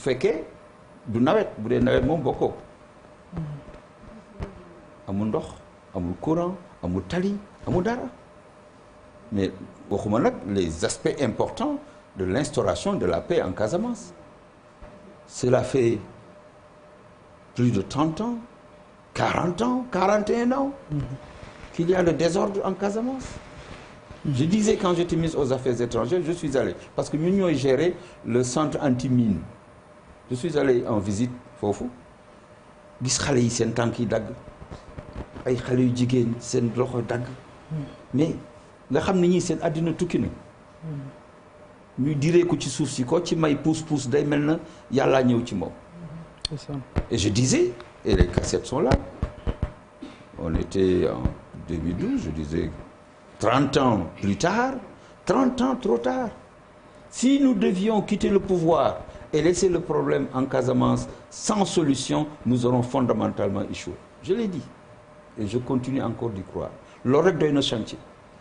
Fait que, du nawet bu dee nawet moom boko, amul ndox amul courant amul tali dara mais waxuma nak les aspects importants de l'instauration de la paix en Casamance cela fait plus de 30 ans 40 ans 41 ans qu'il y a le désordre en Casamance je disais quand j'étais ministre aux affaires étrangères je suis allé parce que nous gérait géré le centre anti-mine je suis allé en visite fofu. gis xalé yi s'en tanki dag. ay xalé yu jigéen sen loxo d'ag. mais nga xamni ne ñii adina tukki na ko ci souf ci ko ci may pousse pousse day melna yalla ñew ci mom. et je disais et les cassettes sont là on était en 2012 je disais 30 ans plus tard 30 ans trop tard si nous devions quitter le pouvoir et laisser le problème en Casamance sans solution, nous aurons fondamentalement échoué. Je l'ai dit. Et je continue encore d'y croire. L'ordre doit doy chantier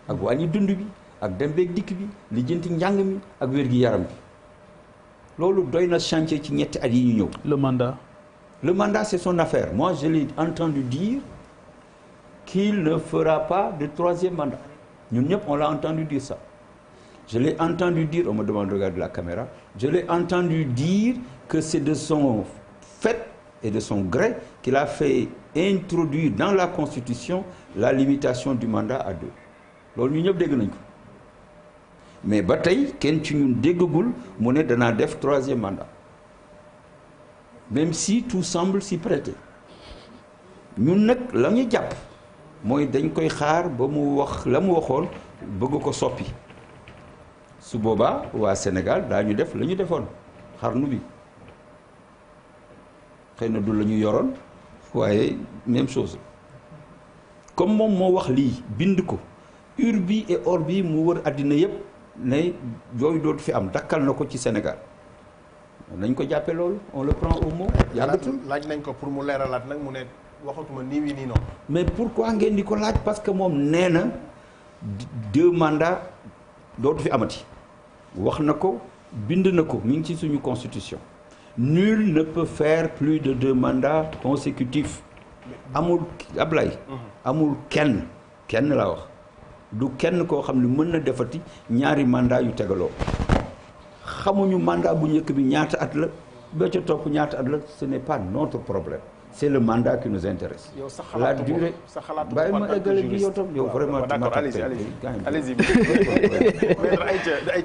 ak wàññi dundubi bi ak dem beeg dikk bi lijjanti ak de le mandat. le mandat c'est son affaire moi je l'ai entendu dire qu'il ne fera pas de troisième mandat Nous, ñëpp on l'a entendu dire ça. Je l'ai entendu dire, on me demande de regarder la caméra, je l'ai entendu dire que c'est de son fait et de son gré qu'il a fait introduire dans la Constitution la limitation du mandat à deux. ñu mais Bataille, tey kenn ci ñun troisième mandat même si tout semble s'y prêter Nous, nag la ñu jàpp Nous dañ koy xaar ba la su boobaa waa Sénégal daañu def lañu ñu defoon xarnu bi xeyna du lañu yoron waye même chose comme mom mo wax li bind ko urbi et orbi mu wër adina yeb ne joy doot fi am dakal nako ci senegal nañ ko jappé loolu on le prend au mot. yàggatul laaj nañ ko pour mu léralat nak mu né waxatuma nii wii nii noonu. mais pourquoi ngeen di ko laaj parce que mom néna deux mandats doot fi amati wax na ko na ko ci constitution nul ne peut faire plus de deux mandats consécutifs amul ablay, amul ken, ken laor. du ken ko xam ne defati ñaari mandat yu tegaloo xamuñu mandat bu njëkk bi ñaata at la ba ñaata at la ce n'est pas notre problème c'est le mandat qui nous intéresse. La durée. il ma a vraiment. allez-y allez-y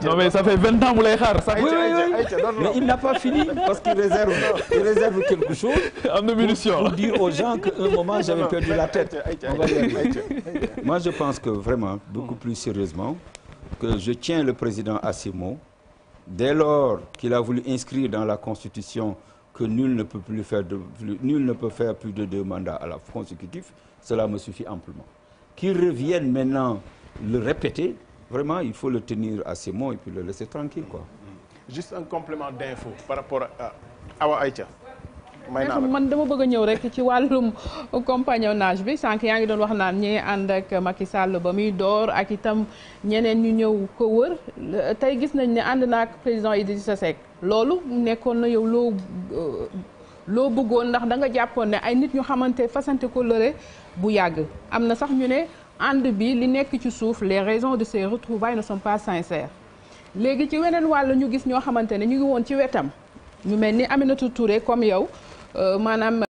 non mais ça fait 20 ans que vous l'avez oui oui mais il n'a pas fini parce qu'il réserve il réserve quelque chose. En munitions. pour dire aux gens qu'à un moment j'avais perdu la tête. moi je pense que vraiment beaucoup hmm. plus sérieusement que je tiens le président à ses mots dès lors qu'il a voulu inscrire dans la constitution que nul ne peut plus faire nul ne peut faire plus de deux mandats à la consécutif, cela me suffit amplement. Qu'ils reviennent maintenant le répéter, vraiment, il faut le tenir à ses mots et puis le laisser tranquille. Quoi. Juste un complément d'info par rapport à Awa Aïcha may naa man dama bëgg ñëw rek ci walum compagnonnage bi sank yaa ngi doon wax naan ñi and ak Macky Sall ba muy door ak itam ñeneen ñu ñëw ko wër tay gis nañ ne and naa ak président Idrissa Seck loolu nekkoon na yow loo loo bëggoon ndax da nga jàppoon ne ay nit ñu xamante fasante ko lëre bu yàgg am na sax ñu ne and bi li nekk ci suuf les raisons de ces retrouvailles ne sont pas sincères léegi ci weneen wàll ñu gis ñoo xamante ne ñu ngi woon ci wetam ñu mel ni Aminata Touré comme yow Euh, maanaam